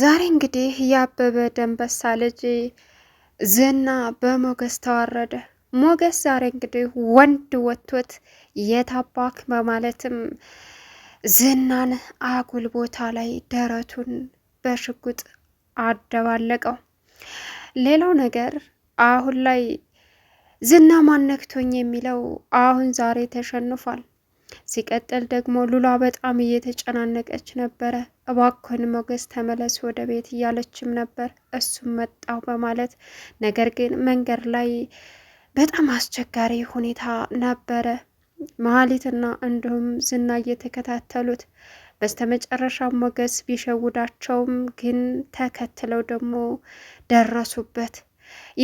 ዛሬ እንግዲህ ያበበ ደንበሳ ልጅ ዝና በሞገስ ተዋረደ። ሞገስ ዛሬ እንግዲህ ወንድ ወቶት የታባክ በማለትም ዝናን አጉል ቦታ ላይ ደረቱን በሽጉጥ አደባለቀው። ሌላው ነገር አሁን ላይ ዝና ማነክቶኝ የሚለው አሁን ዛሬ ተሸንፏል። ሲቀጥል ደግሞ ሉላ በጣም እየተጨናነቀች ነበረ። እባክህን ሞገስ ተመለስ ወደ ቤት እያለችም ነበር። እሱም መጣው በማለት ነገር ግን መንገድ ላይ በጣም አስቸጋሪ ሁኔታ ነበረ። መሀሊትና እንዲሁም ዝና እየተከታተሉት በስተመጨረሻ ሞገስ ቢሸውዳቸውም ግን ተከትለው ደግሞ ደረሱበት።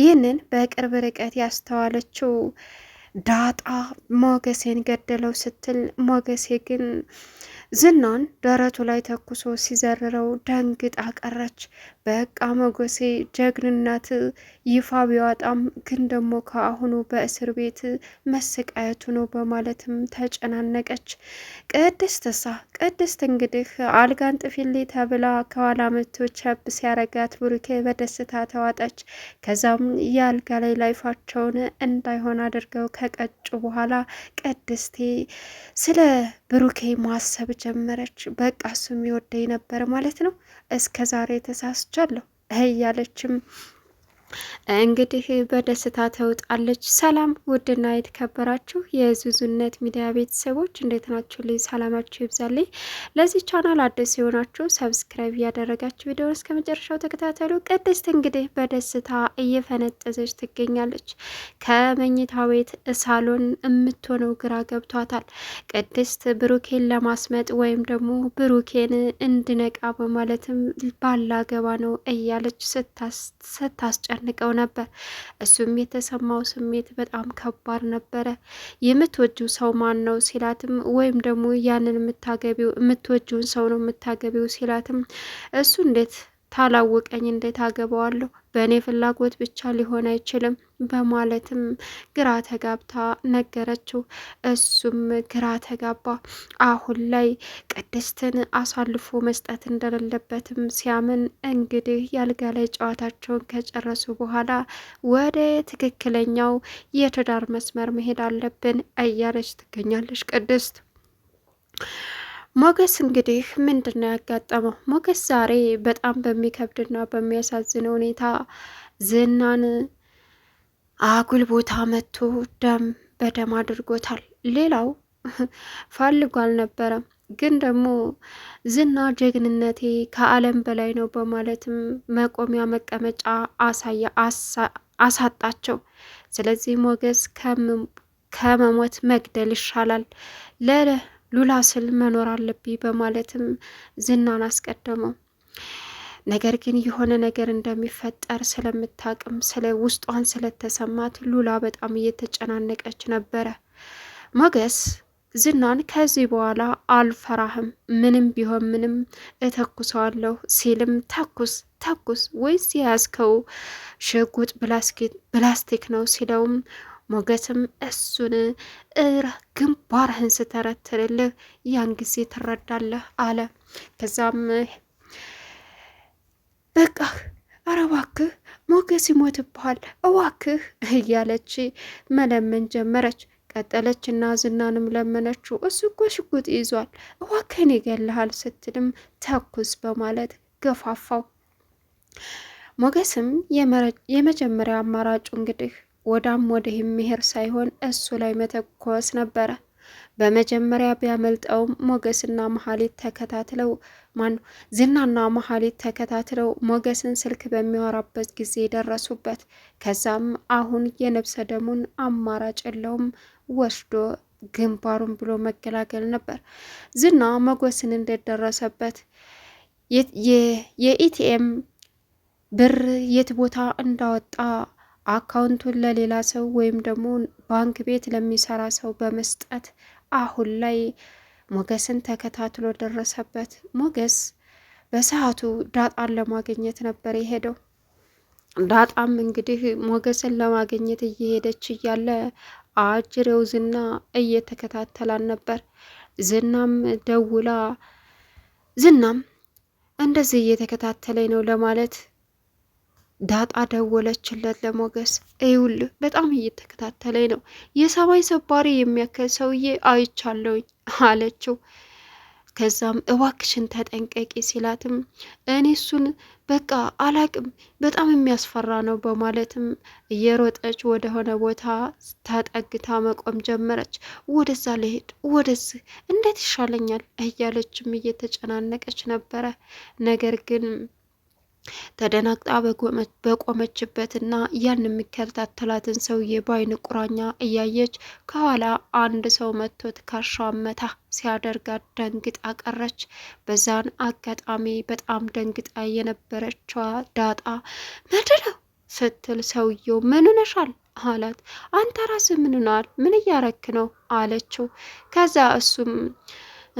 ይህንን በቅርብ ርቀት ያስተዋለችው ዳጣ ሞገሴን ገደለው ስትል ሞገሴ ግን ዝናን ደረቱ ላይ ተኩሶ ሲዘርረው ደንግጣ ቀረች። በቃ ሞገሴ ጀግንነት ይፋ ቢዋጣም ግን ደግሞ ከአሁኑ በእስር ቤት መሰቃየቱ ነው በማለትም ተጨናነቀች። ቅድስትሳ ቅድስት እንግዲህ አልጋን ጥፊሌ ተብላ ከኋላ መቶ ቸብ ሲያረጋት ብሩኬ በደስታ ተዋጠች። ከዛም የአልጋ ላይ ላይፋቸውን እንዳይሆን አድርገው ከቀጩ በኋላ ቅድስቴ ስለ ብሩኬ ማሰብ ጀመረች። በቃ እሱ የሚወደኝ ነበር ማለት ነው፣ እስከ ዛሬ ተሳስቻለሁ እያለችም እንግዲህ በደስታ ተውጣለች። ሰላም ውድና የተከበራችሁ የዙዙነት ሚዲያ ቤተሰቦች እንዴት ናችሁ? ልይ ሰላማችሁ ይብዛልኝ። ለዚህ ቻናል አዲስ የሆናችሁ ሰብስክራይብ እያደረጋችሁ ቪዲዮን እስከ መጨረሻው ተከታተሉ። ቅድስት እንግዲህ በደስታ እየፈነጠዘች ትገኛለች። ከመኝታ ቤት ሳሎን የምትሆነው ግራ ገብቷታል። ቅድስት ብሩኬን ለማስመጥ ወይም ደግሞ ብሩኬን እንድነቃ በማለትም ባላገባ ነው እያለች ስታስጨ ያስጨንቀው ነበር። እሱም የተሰማው ስሜት በጣም ከባድ ነበረ። የምትወጂው ሰው ማን ነው ሲላትም፣ ወይም ደግሞ ያንን የምታገቢው የምትወጂውን ሰው ነው የምታገቢው ሲላትም እሱ እንዴት ታላወቀኝ እንዴት አገባዋለሁ? በእኔ ፍላጎት ብቻ ሊሆን አይችልም በማለትም ግራ ተጋብታ ነገረችው። እሱም ግራ ተጋባ። አሁን ላይ ቅድስትን አሳልፎ መስጠት እንደሌለበትም ሲያምን እንግዲህ ያልጋ ላይ ጨዋታቸውን ከጨረሱ በኋላ ወደ ትክክለኛው የትዳር መስመር መሄድ አለብን እያለች ትገኛለች ቅድስት ሞገስ እንግዲህ ምንድን ነው ያጋጠመው? ሞገስ ዛሬ በጣም በሚከብድና በሚያሳዝን ሁኔታ ዝናን አጉል ቦታ መጥቶ ደም በደም አድርጎታል። ሌላው ፈልጎ አልነበረም፣ ግን ደግሞ ዝና ጀግንነቴ ከዓለም በላይ ነው በማለትም መቆሚያ መቀመጫ አሳየ አሳጣቸው። ስለዚህ ሞገስ ከመሞት መግደል ይሻላል ሉላ ስል መኖር አለብኝ በማለትም ዝናን አስቀደመው። ነገር ግን የሆነ ነገር እንደሚፈጠር ስለምታቅም ስለ ውስጧን ስለተሰማት ሉላ በጣም እየተጨናነቀች ነበረ። ሞገስ ዝናን ከዚህ በኋላ አልፈራህም፣ ምንም ቢሆን ምንም እተኩሰዋለሁ ሲልም ተኩስ ተኩስ ወይስ የያዝከው ሽጉጥ ብላስቲክ ነው ሲለውም ሞገስም እሱን እረ ግንባርህን ስተረትርልህ ያን ጊዜ ትረዳለህ አለ። ከዛም በቃ ኧረ እባክህ ሞገስ ይሞትብሃል እዋክህ እያለች መለመን ጀመረች። ቀጠለች እና ዝናንም ለመነችው። እሱ እኮ ሽጉጥ ይዟል እዋክህን ይገልሃል ስትልም ተኩስ በማለት ገፋፋው። ሞገስም የመጀመሪያ አማራጩ እንግዲህ ወዳም ወዲህ መሄድ ሳይሆን እሱ ላይ መተኮስ ነበረ። በመጀመሪያ ቢያመልጠውም ሞገስና መሀሊት ተከታትለው ማን ዝናና መሀሊት ተከታትለው ሞገስን ስልክ በሚያወራበት ጊዜ ደረሱበት። ከዛም አሁን የነብሰ ደሙን አማራጭ የለውም ወስዶ ግንባሩን ብሎ መገላገል ነበር። ዝና ሞገስን እንደደረሰበት የኢቲኤም ብር የት ቦታ እንዳወጣ አካውንቱን ለሌላ ሰው ወይም ደግሞ ባንክ ቤት ለሚሰራ ሰው በመስጠት አሁን ላይ ሞገስን ተከታትሎ ደረሰበት። ሞገስ በሰዓቱ ዳጣን ለማግኘት ነበር የሄደው። ዳጣም እንግዲህ ሞገስን ለማግኘት እየሄደች እያለ አጅሬው ዝና እየተከታተላን ነበር። ዝናም ደውላ ዝናም እንደዚህ እየተከታተለኝ ነው ለማለት ዳጣ ደወለችለት ለሞገስ። እዩል በጣም እየተከታተለኝ ነው የሰማይ ሰባሪ የሚያክል ሰውዬ አይቻለውኝ አለችው። ከዛም እባክሽን ተጠንቀቂ ሲላትም እኔ እሱን በቃ አላቅም በጣም የሚያስፈራ ነው በማለትም እየሮጠች ወደሆነ ቦታ ተጠግታ መቆም ጀመረች። ወደዛ ልሄድ ወደዚህ እንዴት ይሻለኛል እያለችም እየተጨናነቀች ነበረ ነገር ግን ተደናግጣ በቆመችበትና ያን የሚከታተላትን ሰውዬ በአይን ቁራኛ እያየች ከኋላ አንድ ሰው መቶት ትከሻዋ መታ ሲያደርጋት ደንግጣ ቀረች። በዛን አጋጣሚ በጣም ደንግጣ የነበረችዋ ዳጣ ምንድን ስትል ሰውየው ምን አላት። አንተ ራስህ ምን ሆነሃል? ምን እያረክ ነው አለችው። ከዛ እሱም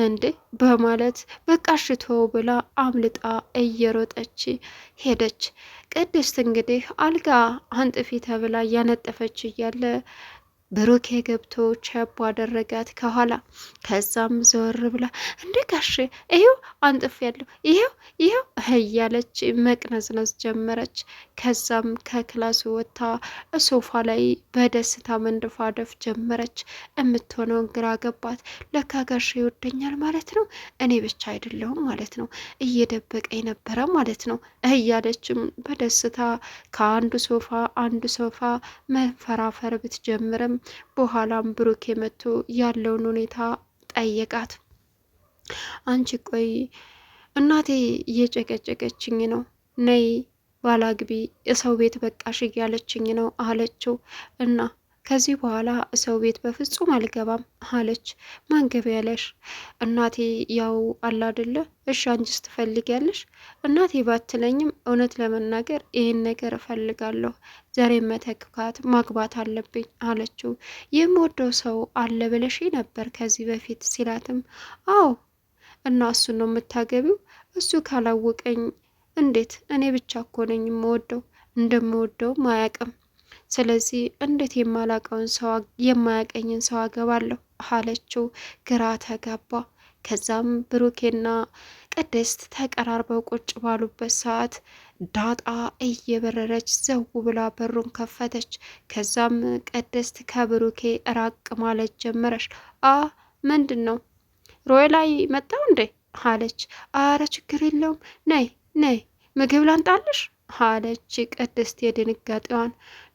እንዴ በማለት በቃሽቶ ብላ አምልጣ እየሮጠች ሄደች። ቅድስት እንግዲህ አልጋ አንጥፊ ተብላ እያነጠፈች እያለ ብሩኬ ገብቶ ቸቦ አደረጋት ከኋላ። ከዛም ዘወር ብላ እንደ ጋሽ ይሄው አንጥፍ ያለው ይሄው ይሄው እያለች መቅነዝነዝ ጀመረች። ከዛም ከክላሱ ወጥታ ሶፋ ላይ በደስታ መንደፋደፍ ጀመረች። የምትሆነውን ግራ ገባት። ለካ ይወደኛል ማለት ነው፣ እኔ ብቻ አይደለሁም ማለት ነው፣ እየደበቀ የነበረ ማለት ነው እያለችም በደስታ ከአንዱ ሶፋ አንዱ ሶፋ መፈራፈር ብትጀምርም በኋላም ብሩክ መጥቶ ያለውን ሁኔታ ጠየቃት። አንቺ ቆይ እናቴ እየጨቀጨቀችኝ ነው፣ ነይ ባላግቢ የሰው ቤት በቃሽ እያለችኝ ነው አለችው እና ከዚህ በኋላ ሰው ቤት በፍጹም አልገባም አለች። ማን ያለሽ? እናቴ? ያው አላደለ አደለ እሺ፣ አንቺስ ትፈልጊያለሽ? እናቴ ባትለኝም እውነት ለመናገር ይህን ነገር እፈልጋለሁ፣ ዘሬ መተካት ማግባት አለብኝ አለችው። የምወደው ሰው አለ ብለሽ ነበር ከዚህ በፊት ሲላትም፣ አዎ እና እሱ ነው የምታገቢው? እሱ ካላወቀኝ እንዴት? እኔ ብቻ እኮ ነኝ የምወደው እንደምወደው አያውቅም ስለዚህ እንዴት የማላቀውን ሰው የማያቀኝን ሰው አገባለሁ አለችው። ግራ ተጋባ። ከዛም ብሩኬና ቅድስት ተቀራርበው ቁጭ ባሉበት ሰዓት ዳጣ እየበረረች ዘው ብላ በሩን ከፈተች። ከዛም ቅድስት ከብሩኬ ራቅ ማለት ጀመረች። አ ምንድን ነው ሮይ ላይ መጣው እንዴ አለች። አረ ችግር የለውም ነይ ነይ ምግብ ላንጣልሽ አለች ቅድስት የድንጋጤዋን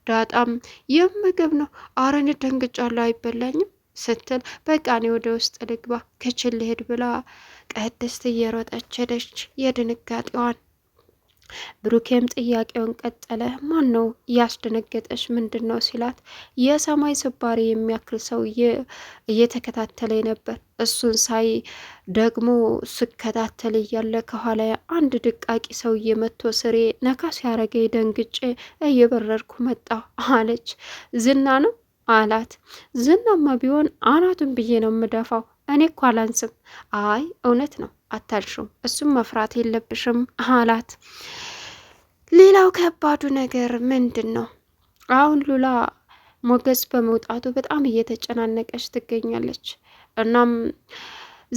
ዳጣም ይህ ምግብ ነው አረን ደንግጫለሁ አይበላኝም ስትል በቃ እኔ ወደ ውስጥ ልግባ ክችል ልሄድ ብላ ቅድስት እየሮጠች ሄደች የድንጋጤዋን ብሩኬም ጥያቄውን ቀጠለ። ማን ነው ያስደነገጠሽ? ምንድን ነው ሲላት የሰማይ ስባሪ የሚያክል ሰውዬ እየተከታተለ ነበር። እሱን ሳይ ደግሞ ስከታተል እያለ ከኋላ አንድ ድቃቂ ሰውዬ መጥቶ ስሬ ነካ ሲያረገኝ ደንግጬ እየበረርኩ መጣ አለች። ዝና ነው አላት። ዝናማ ቢሆን አናቱን ብዬ ነው የምደፋው እኔ እኮ አላንስም። አይ እውነት ነው አታልሹም፣ እሱም መፍራት የለብሽም አላት። ሌላው ከባዱ ነገር ምንድን ነው? አሁን ሉላ ሞገስ በመውጣቱ በጣም እየተጨናነቀች ትገኛለች። እናም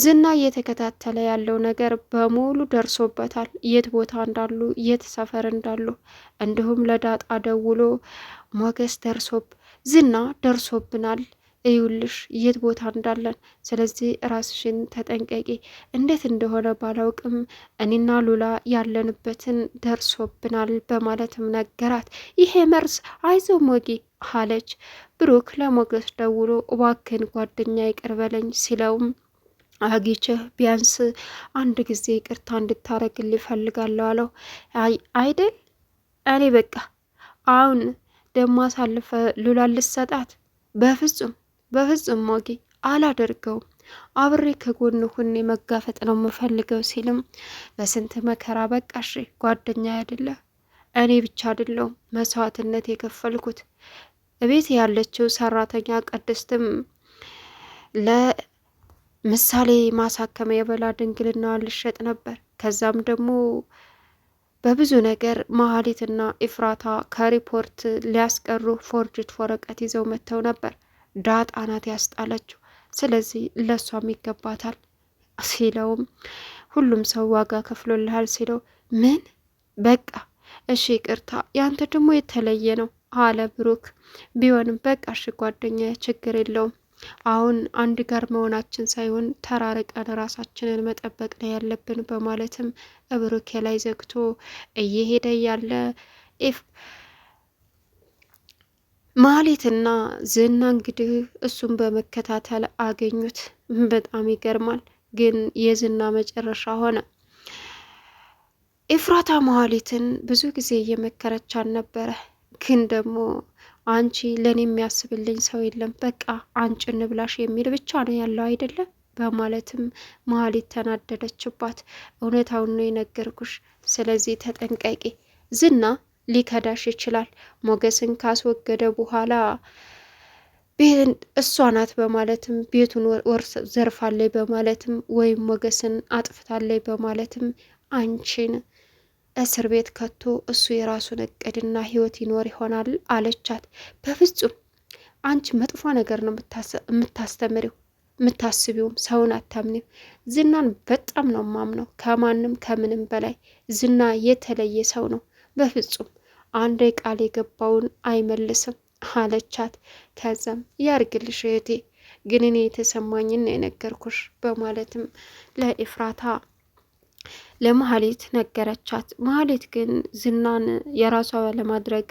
ዝና እየተከታተለ ያለው ነገር በሙሉ ደርሶበታል። የት ቦታ እንዳሉ፣ የት ሰፈር እንዳሉ እንዲሁም ለዳጣ ደውሎ ሞገስ ደርሶብ ዝና ደርሶብናል እዩልሽ የት ቦታ እንዳለን። ስለዚህ ራስሽን ተጠንቀቂ። እንዴት እንደሆነ ባላውቅም እኔና ሉላ ያለንበትን ደርሶብናል በማለትም ነገራት። ይሄ መርስ አይዞ ሞጊ አለች። ብሩክ ለሞገስ ደውሎ እባክን ጓደኛ ይቅርበለኝ ሲለውም አጊችህ ቢያንስ አንድ ጊዜ ይቅርታ እንድታረግልኝ እፈልጋለሁ አለው። አይደል እኔ በቃ አሁን ደግሞ አሳልፈ ሉላ ልሰጣት በፍጹም በፍጹም ሞጌ አላደርገውም፣ አብሬ ከጎን ሁኔ መጋፈጥ ነው የምፈልገው ሲልም በስንት መከራ በቃሽ ጓደኛ አይደለ እኔ ብቻ አይደለሁም መስዋዕትነት የከፈልኩት። እቤት ያለችው ሰራተኛ ቅድስትም ለምሳሌ ማሳከመ የበላ ድንግልና ልሸጥ ነበር። ከዛም ደግሞ በብዙ ነገር መሀሊትና ኢፍራታ ከሪፖርት ሊያስቀሩ ፎርጅት ወረቀት ይዘው መጥተው ነበር። ዳጣ ናት ያስጣለችው። ስለዚህ ለእሷም ይገባታል ሲለውም ሁሉም ሰው ዋጋ ከፍሎልሃል ሲለው ምን በቃ እሺ ይቅርታ፣ ያንተ ደግሞ የተለየ ነው አለ ብሩክ። ቢሆንም በቃ እሺ ጓደኛ፣ ችግር የለውም አሁን አንድ ጋር መሆናችን ሳይሆን ተራርቀን ራሳችንን መጠበቅ ነው ያለብን በማለትም ብሩኬ ላይ ዘግቶ እየሄደ ያለ ማህሌትና ዝና እንግዲህ እሱን በመከታተል አገኙት። በጣም ይገርማል። ግን የዝና መጨረሻ ሆነ። ኤፍራታ መሀሊትን ብዙ ጊዜ እየመከረቻን ነበረ። ግን ደግሞ አንቺ ለእኔ የሚያስብልኝ ሰው የለም፣ በቃ አንጭ እንብላሽ የሚል ብቻ ነው ያለው አይደለም በማለትም ማህሌት ተናደደችባት። እውነታውን ነው የነገርኩሽ፣ ስለዚህ ተጠንቀቂ ዝና ሊከዳሽ ይችላል። ሞገስን ካስወገደ በኋላ ቤትን እሷ ናት በማለትም ቤቱን ወርስ ዘርፋለይ በማለትም ወይም ሞገስን አጥፍታለይ በማለትም አንቺን እስር ቤት ከቶ እሱ የራሱን እቅድና ህይወት ይኖር ይሆናል አለቻት። በፍጹም አንቺ መጥፎ ነገር ነው የምታስተምሪው፣ የምታስቢውም ሰውን አታምኒም። ዝናን በጣም ነው ማምነው። ከማንም ከምንም በላይ ዝና የተለየ ሰው ነው። በፍጹም አንዴ ቃል የገባውን አይመልስም አለቻት። ከዛም ያርግልሽ እህቴ፣ ግን እኔ የተሰማኝን የነገርኩሽ በማለትም ለኢፍራታ ለመሀሌት ነገረቻት። መሀሌት ግን ዝናን የራሷ ለማድረግ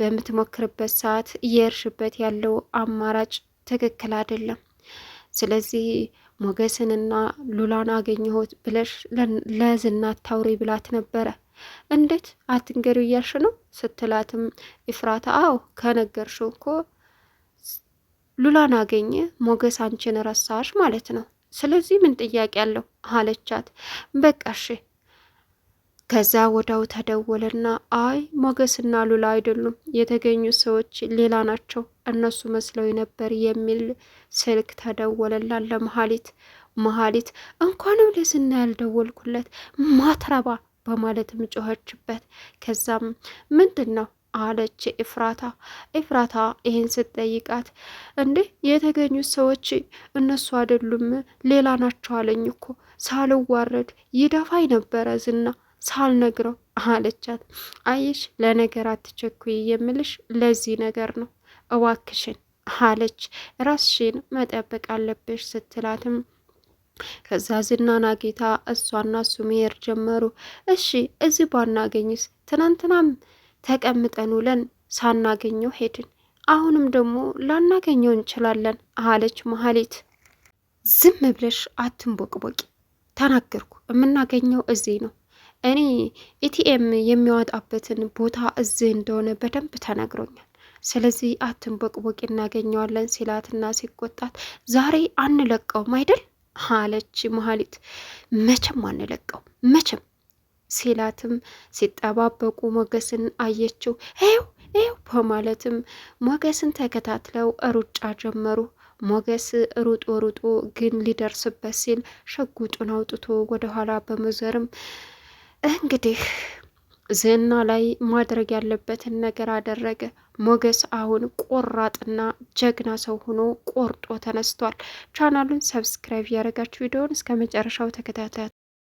በምትሞክርበት ሰዓት እየርሽበት ያለው አማራጭ ትክክል አይደለም። ስለዚህ ሞገስንና ሉላን አገኘሁት ብለሽ ለዝናት ታውሪ ብላት ነበረ እንዴት አትንገሪው እያልሽ ነው ስትላትም ኢፍራታ አዎ ከነገርሽው እኮ ሉላን አገኘ ሞገስ አንቺን ረሳሽ ማለት ነው። ስለዚህ ምን ጥያቄ አለው አለቻት። በቃ እሺ። ከዛ ወዳው ተደወለና አይ ሞገስና ሉላ አይደሉም የተገኙ ሰዎች ሌላ ናቸው እነሱ መስለው ነበር የሚል ስልክ ተደወለላለ መሀሊት መሀሊት እንኳንም ለዝና ያልደወልኩለት ማትረባ በማለትም ጮኸችበት። ከዛም ምንድን ነው አለች ኤፍራታ። ኤፍራታ ይህን ስትጠይቃት እንዴ የተገኙት ሰዎች እነሱ አይደሉም ሌላ ናቸው አለኝ እኮ ሳልዋረድ ይደፋኝ ነበረ ዝና ሳልነግረው አለቻት። አይሽ ለነገር አትቸኩይ የምልሽ ለዚህ ነገር ነው እዋክሽን አለች። ራስሽን መጠበቅ አለብሽ ስትላትም ከዛ ዝናና ጌታ እሷና እሱ መሄድ ጀመሩ። እሺ እዚህ ባናገኝስ? ትናንትናም ተቀምጠን ውለን ሳናገኘው ሄድን። አሁንም ደግሞ ላናገኘው እንችላለን አለች መሀሌት። ዝም ብለሽ አትንቦቅቦቂ፣ ተናገርኩ። የምናገኘው እዚህ ነው። እኔ ኢቲኤም የሚያወጣበትን ቦታ እዚህ እንደሆነ በደንብ ተነግሮኛል። ስለዚህ አትንቦቅቦቂ፣ እናገኘዋለን ሲላትና ሲቆጣት ዛሬ አንለቀውም አይደል አለች መሀሊት። መቼም አንለቀው መቼም ሲላትም ሲጠባበቁ ሞገስን አየችው። ይው ይው በማለትም ሞገስን ተከታትለው ሩጫ ጀመሩ። ሞገስ ሩጦ ሩጦ ግን ሊደርስበት ሲል ሽጉጡን አውጥቶ ወደኋላ በመዘርም እንግዲህ ዝና ላይ ማድረግ ያለበትን ነገር አደረገ። ሞገስ አሁን ቆራጥና ጀግና ሰው ሆኖ ቆርጦ ተነስቷል። ቻናሉን ሰብስክራይብ ያደረጋችሁ ቪዲዮውን እስከ መጨረሻው ተከታታይ